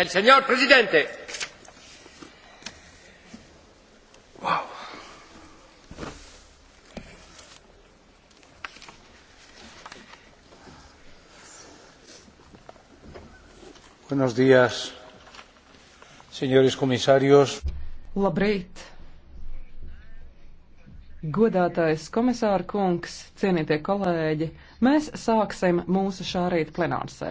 El señor presidente. Wow. Buenos días, señores comisarios. Labrīt. Godātais komisāra kungs, cienītie kolēģi, mēs sāksim mūsu šā rīta plenārsē.